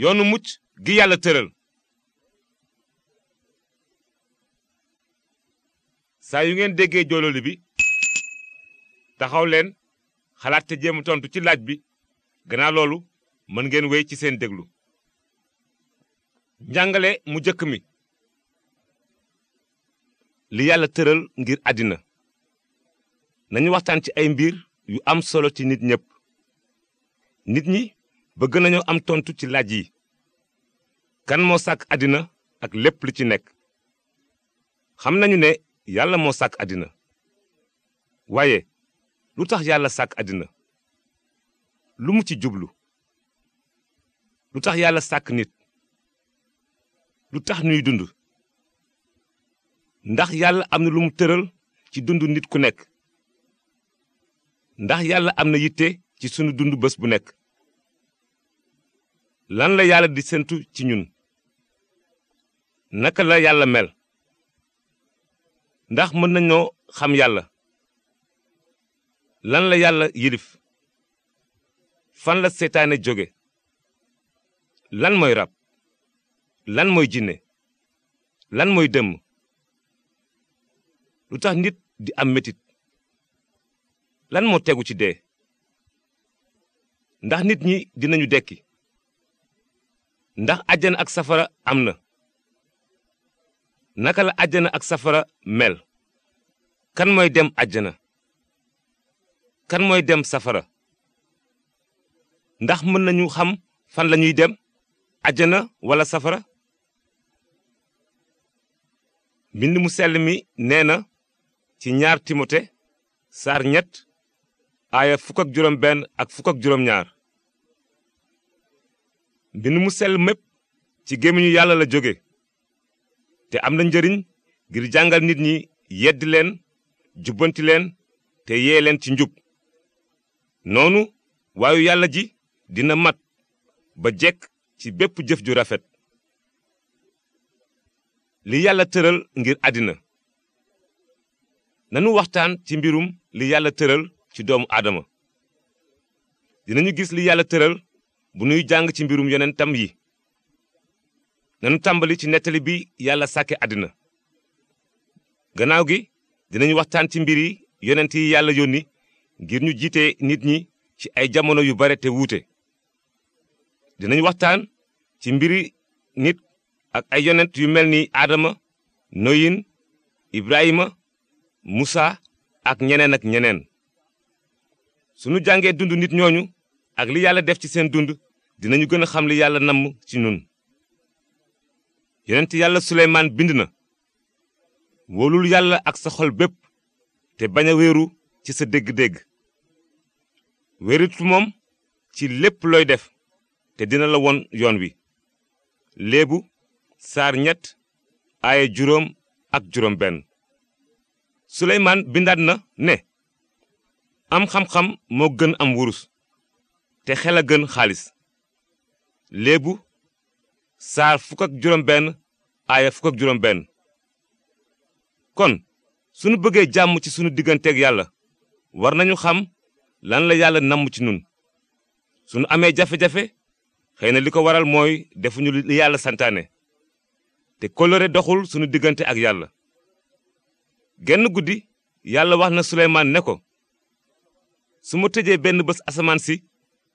yoonu mucc gi yàlla tëral saa yu ngeen déggee joololi bi taxaw leen xalaat te jéem tontu ci laaj bi gannaaw loolu mën ngeen wéy ci seen déglu njàngale mu jëkk mi li yàlla tëral ngir àddina nañu waxtaan ci ay mbir yu am solo ci nit ñépp nit ñi bëgg nañu am tontu ci laaj yi kan moo sàkk àddina ak lépp li ci nekk xam nañu ne yàlla moo sàkk àddina waaye lu tax yàlla sàkk àddina lu mu ci jublu lu tax yàlla sàkk nit lu tax nuy dund ndax yàlla am na lu mu tëral ci dund nit ku nekk ndax yàlla am na yitte ci sunu dund bés bu nekk lan la yàlla di séntu ci ñun naka la yàlla mel ndax mën nañoo xam yàlla lan la yàlla yilif fan la seytaane jóge lan mooy rab lan mooy jinne lan mooy dëmm lu tax nit di am metit lan moo tegu ci dee ndax nit ñi dinañu dekki ndax àjjana ak safara am na naka la àjjana ak safara mel kan mooy dem àjjana kan mooy dem safara ndax mën nañu xam fan lañuy dem àjjana wala safara mbind mu sell mi nee na ci ñaar timote saar ñett aaya fukk ak juróom benn ak ak juróom ñaar mbind mu sel mépp ci gémmiñu yàlla la jóge te am na njëriñ ngir jàngal nit ñi yeddi leen jubbanti leen te yee leen ci njub noonu waayu yàlla ji dina mat ba jekk ci bépp jëf ju rafet li yàlla tëral ngir àddina nanu waxtaan ci mbirum li yàlla tëral ci doomu aadama dinañu gis li yàlla tëral bu nuy jàng ci mbirum yonentam yi nanu tàmbali ci nettali bi yàlla sàkke àddina gannaaw gi dinañu waxtaan ci mbir yi yonent yi yàlla yónni ngir ñu jiite nit ñi ci ay jamono yu bare te wuute dinañu waxtaan ci mbiri nit ak ay yonent yu mel ni aadama noyin ibrahima musa ak ñeneen ak ñeneen sunu jàngee dund nit ñooñu ak li yàlla def ci seen dund dinañu gën a xam li yàlla namm ci ñun yonent yàlla suleymaan bind na wóolul yàlla ak sa xol bépp te bañ a wéeru ci sa dégg-dégg wéeritu moom ci lépp looy def te dina la won yoon wi léebu saar ñett aaye juróom ak juróom benn suleymaan bindaat na ne am xam-xam moo gën am wurus te xel a gën xaalis léebu saar fukk ak juróom benn aaya fukk ak juróom benn kon sunu bëggee jàmm ci sunu digganteeg yàlla war nañu xam lan la yàlla namm ci nun sunu amee jafe-jafe xëy na li ko waral mooy defuñu li yàlla santaane te kóllëre doxul sunu diggante ak yàlla genn guddi yàlla wax na suleymaan ne ko su ma tëjee benn bés asamaan si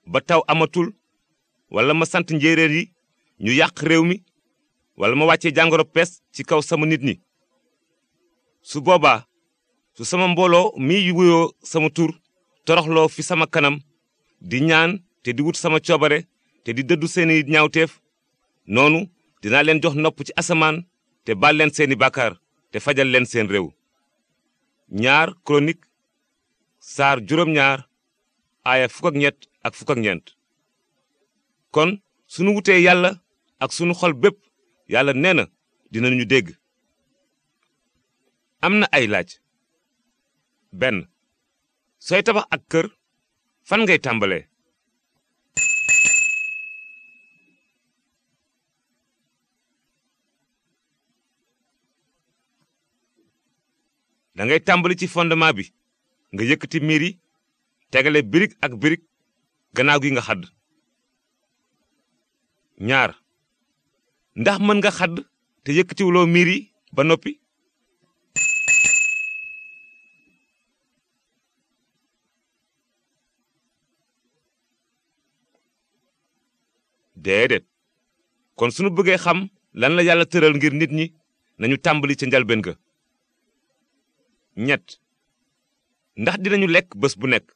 ba taw amatul wala ma sant njéeréer yi ñu yàq réew mi wala ma wàccee jàngoro pes ci kaw sama nit ñi su boobaa su sama mbooloo mi wuyoo sama tur toroxloo fi sama kanam di ñaan te di wut sama coobare te di dëddu seeni ñaawteef noonu dinaa leen jox nopp ci asamaan te baal leen seeni bàkkaar te fajal leen seen réew ñaar chronique saar juróom ñaar aaya fukk ak ak fukk ñeent kon sunu wutee yàlla ak sunu xol bépp yàlla nee na dina ñu dégg am na ay laaj benn sooy tabax ak kër fan ngay tàmbalee dangay tàmbali ci fondement bi nga yëkkati miir yi tegale birig ak birig gannaaw gi nga xadd ñaar ndax mën nga xadd te yëkkatiwuloo miir yi ba noppi déedéet kon sunu bëggee xam lan la yàlla tëral ngir nit ñi nañu tàmbali ca njalbéen ga ñett ndax dinañu lekk bés bu nekk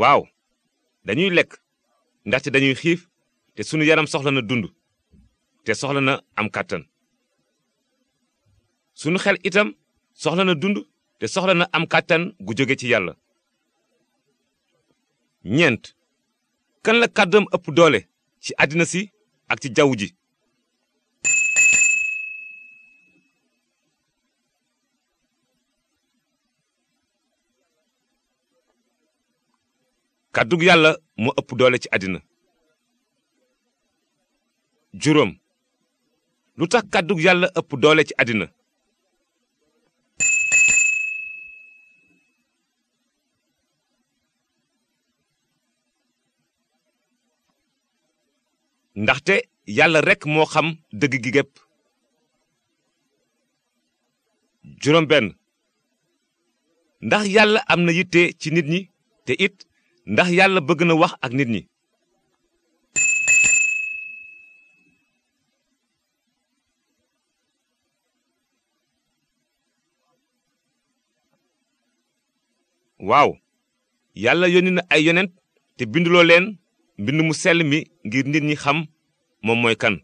waaw dañuy lekk ndaxte dañuy xiif te sunu yaram soxla na dund te soxla na am kàttan sunu xel itam soxla na dund te soxla na am kàttan gu jóge ci yàlla ñeent kan la ëpp doole ci àddina si ak ci jaww ji kàddug yàlla moo ëpp doole ci àddina juróom lu tax kàddug yàlla ëpp doole ci àddina ndaxte yàlla rekk moo xam dëgg gi gépp ndax yàlla am na yitte ci nit ñi te it ndax yàlla bëgg na wax ak nit ñi waaw yàlla yónni na ay yonent te binduloo leen mbind mu sell mi ngir nit ñi xam moom mooy kan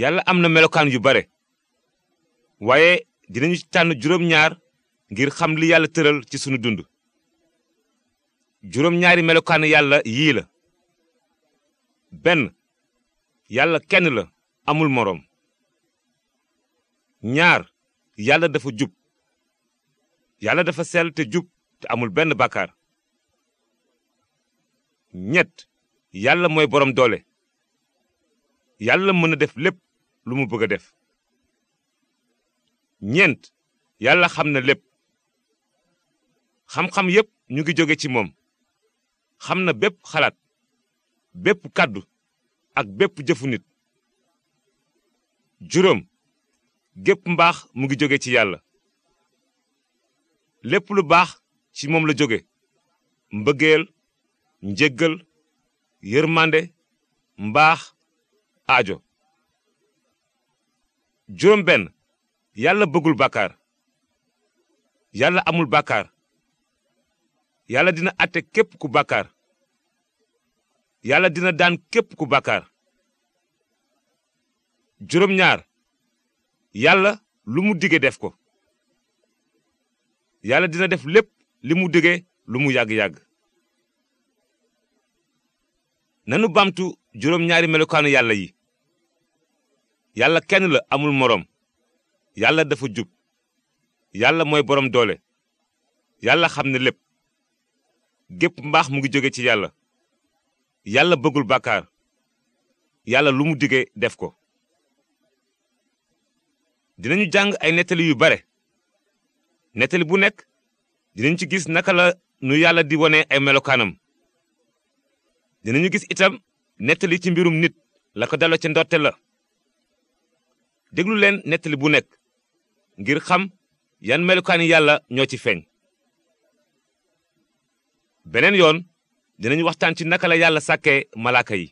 yàlla am na melokaan yu bare waaye dinañu tànn juróom ñaar ngir xam li yàlla tëral ci sunu dund juróom ñaari melokaan yàlla yii la benn yàlla kenn la amul moroom ñaar yàlla dafa jub yàlla dafa sell te jub te amul benn bàkkaar ñett yàlla mooy boroom doole yàlla mën a def lépp lu mu bëgg a def ñeent yàlla xam na lépp xam-xam yépp ñu ngi jóge ci moom xam na bépp xalaat bépp kàddu ak bépp jëfu nit juróom gépp mbaax mu ngi jóge ci yàlla lépp lu baax ci moom la jóge mbëggeel njéggal yërmande mbaax aajo juróom benn yàlla bëggul bàkkaar yàlla amul bàkkaar yàlla dina àtte képp ku bàkkaar yàlla dina daan képp ku bàkkaar juróom ñaar yàlla lu mu dige def ko yàlla dina def lépp li mu dige lu mu yàgg-yàgg nanu bamtu juróom ñaari melokaanu yàlla yi yàlla kenn la amul moroom yàlla dafa jub yàlla mooy borom doole yàlla xam ne lépp gépp mbaax mu ngi jóge ci yàlla yàlla bëggul bàkkaar yàlla lu mu dige def ko dinañu jàng ay nettali yu bare nettali bu nekk dinañu ci gis naka la nu yàlla di wone ay melokaanam dinañu gis itam nettali ci mbirum nit la ko dalo ca ndorte la déglu leen nettali bu nekk ngir xam yan melokaani yàlla ñoo ci feeñ beneen yoon dinañ waxtaan ci naka la yàlla sàkkee malaaka yi